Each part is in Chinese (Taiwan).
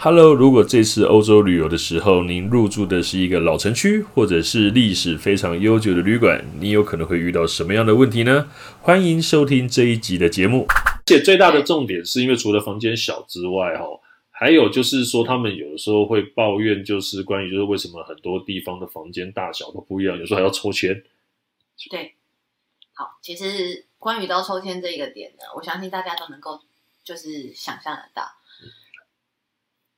Hello，如果這次歐洲旅遊的時候，您入住的是一個老城區，或者是歷史非常悠久的旅館，你有可能會遇到什麼樣的問題呢？歡迎收聽這一集的節目。而且最大的重點是，因為除了房間小之外，哦，還有就是說，他們有的時候會抱怨，就是關於就是為什麼很多地方的房間大小都不一樣，有時候還要抽籤。對，好，其實關於到抽籤這一個點呢，我相信大家都能夠就是想象得到。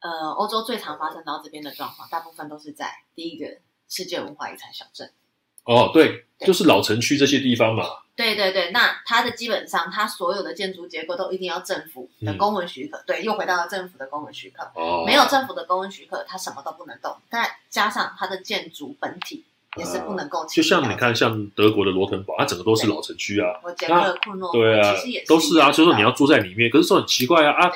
呃，歐洲最常發生到這邊的狀況，大部分都是在第一個世界文化遺產小鎮。哦，對，對就是老城區這些地方嘛。對對對，那它的基本上，它所有的建築結構都一定要政府的公文許可。嗯、對，又回到了政府的公文許可。哦。沒有政府的公文許可，它什麼都不能動。但加上它的建築本體也是不能夠、呃。就像你看，像德國的羅滕堡，它整個都是老城區啊。我覺得。庫諾，對啊，其實也是都是啊。所以說你要住在裡面，嗯、可是說很奇怪啊啊。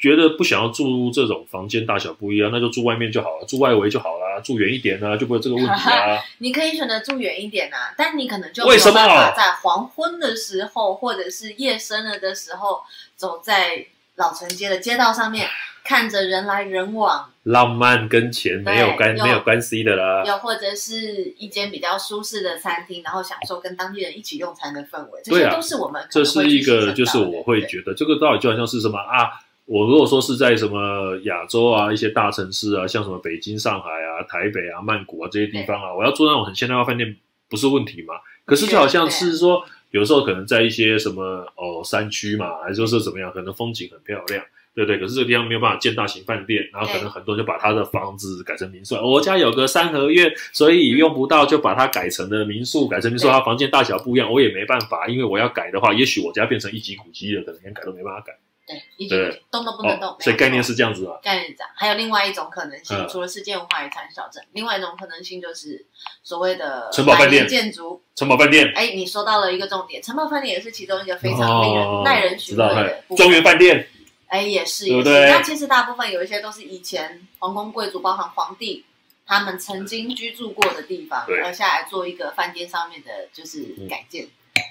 覺得不想要住這種房間，大小不一樣、啊，那就住外面就好了，住外圍就好了，住遠一點呢、啊啊、就不會有這個問題啊 你可以選擇住遠一點啊，但你可能就為什麼在黃昏的時候，或者是夜深了的時候，走在老城街的街道上面，唉看着人來人往，浪漫跟錢沒有關沒有關係的啦。又或者是一間比較舒適的餐廳，然後享受跟當地人一起用餐的氛圍，這些都、啊、是我們這是一個就是我會覺得對對這個道理就好像是什麼啊？我如果說是在什麼亞洲啊，一些大城市啊，像什麼北京、上海啊、台北啊、曼谷啊這些地方啊，對我要住那種很現代化飯店，不是問題嘛？可是就好像是說，有時候可能在一些什麼哦山區嘛，還是說是怎麼樣，可能風景很漂亮，對不對？可是這個地方沒有辦法建大型飯店，然後可能很多人就把他的房子改成民宿。對我家有個三合院，所以用不到就把它改成了民宿，改成民宿。它對房間大小不一樣，我也沒辦法，因為我要改的話，也許我家變成一級古蹟了，可能連改都沒辦法改。對，一動都不能動，所以概念是這樣子啊。概念這樣，還有另外一種可能性，除了世界文化遺產小鎮，另外一種可能性就是所謂的城堡飯店、建築城堡飯店。哎，你說到了一個重點，城堡飯店也是其中一個非常耐人尋味的莊園飯店。哎，也是，也是。那其實大部分有一些都是以前皇宮貴族，包含皇帝他們曾經居住過的地方，然後下來做一個飯店上面的，就是改建。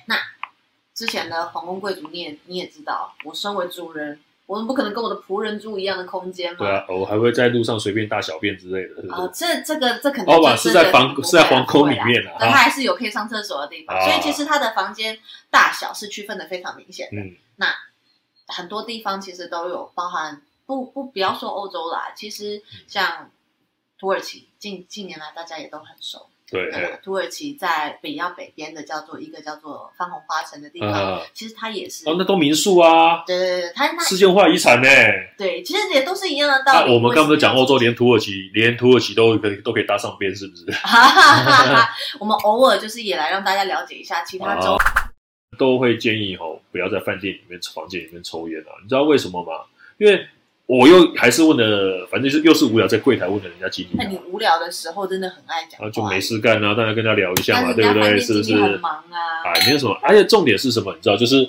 那之前的皇宮貴族你也，你也知道，我身為主人，我們不可能跟我的僕人住一樣的空間嘛。對啊，我還會在路上隨便大小便之類的，是是。啊、呃，這這個這肯定是在房是在皇宮裡面啊，他還是有可以上廁所的地方。啊、所以其實他的房間大小是區分的非常明顯的。啊、那很多地方其實都有包含，不不不，不要說歐洲啦，其實像。嗯土耳其近近年來，大家也都很熟，對，對吧嘿土耳其在北洋北邊的叫做一個叫做番紅花城的地方，啊、其實它也是哦、啊，那都民宿啊，對對對，它、它世界文化遺產呢，對，其實也都是一樣的道理、啊。我們剛不是講歐洲，連土耳其連土耳其都可以都可以搭上邊，是不是、啊 啊？我們偶爾就是也來讓大家了解一下其他州、啊，都會建議後、哦、不要在飯店裡面房間裡面抽煙啊，你知道為什麼嗎？因為。我又還是問了，反正是又是無聊，在櫃檯問了人家幾點。那你無聊的時候真的很愛講話，啊、就沒事幹啊，大家跟他聊一下嘛，啊、對不對？是不是？啊，沒有什麼。啊、而且重點是什麼？你知道，就是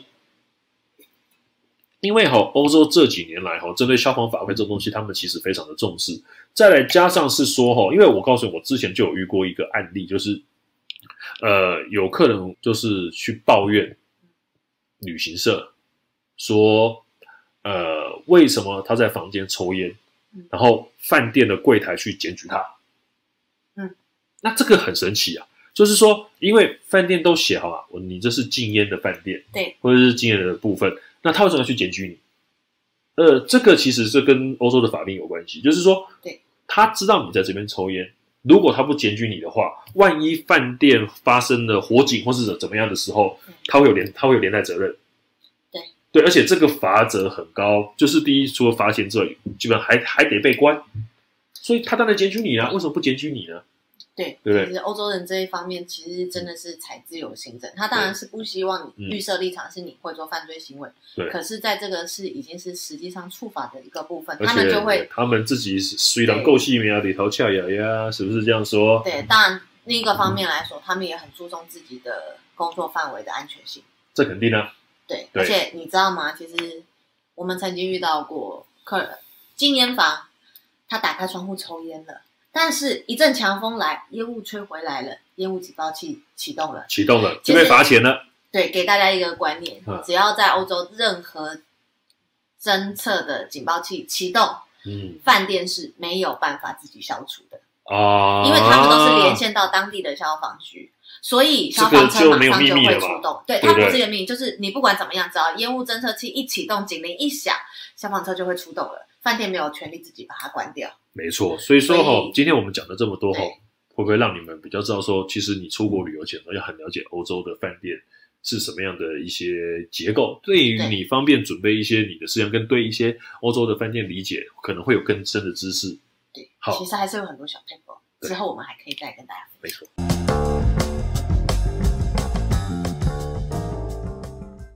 因為哈、哦，歐洲這幾年來哈、哦，針對消防法規這東西，他們其實非常的重視。再來加上是說哈、哦，因為我告訴你，我之前就有遇過一個案例，就是呃，有客人就是去抱怨旅行社說。呃，為什麼他在房間抽煙，然後飯店的櫃檯去檢舉他？嗯，那這個很神奇啊，就是說，因為飯店都寫好了，你這是禁煙的飯店，對，或者是禁煙的部分，那他為什麼要去檢舉你？呃，這個其實是跟歐洲的法令有關係，就是說，對，他知道你在這邊抽煙，如果他不檢舉你的話，萬一飯店發生了火警或者是怎麼樣的時候，他會有連他會有連帶責任。對，而且這個罰則很高，就是第一除了罰錢之外，基本上還還得被關，所以他當然檢舉你啊，為什麼不檢舉你呢？對，對其實歐洲人這一方面其實真的是才自由行政，他當然是不希望你預設立場是你會做犯罪行為，對可是在這個是已經是實際上觸法的一個部分，對他們就會，他們自己雖然夠細沒啊，裡頭翹呀呀，是不是這樣說？對，當然另一個方面來說，嗯、他們也很注重自己的工作範圍的安全性，這肯定啊。對，而且你知道嗎？對其實我們曾經遇到過客人禁煙房，他打開窗戶抽煙了，但是一陣強風來，煙霧吹回來了，煙霧警報器啟動了，啟動了就被罰錢了。對，給大家一個觀念，呵只要在歐洲，任何偵測的警報器啟動，嗯，飯店是沒有辦法自己消除的哦，啊、因為他們都是連線到當地的消防局。所以消防車馬上就會出動，對，它不是個命就是你不管怎麼樣，只要煙霧偵測器一啟動，警鈴一響，消防車就會出動了。飯店沒有權利自己把它關掉。沒錯，所以說今天我們講了這麼多，會不會讓你們比較知道說，其實你出國旅遊前要很了解歐洲的飯店是什麼樣的一些結構，對於你方便準備一些你的事情，跟對一些歐洲的飯店理解，可能會有更深的知識。對，好，其實還是有很多小貼膏，之後我們還可以再跟大家。對沒錯。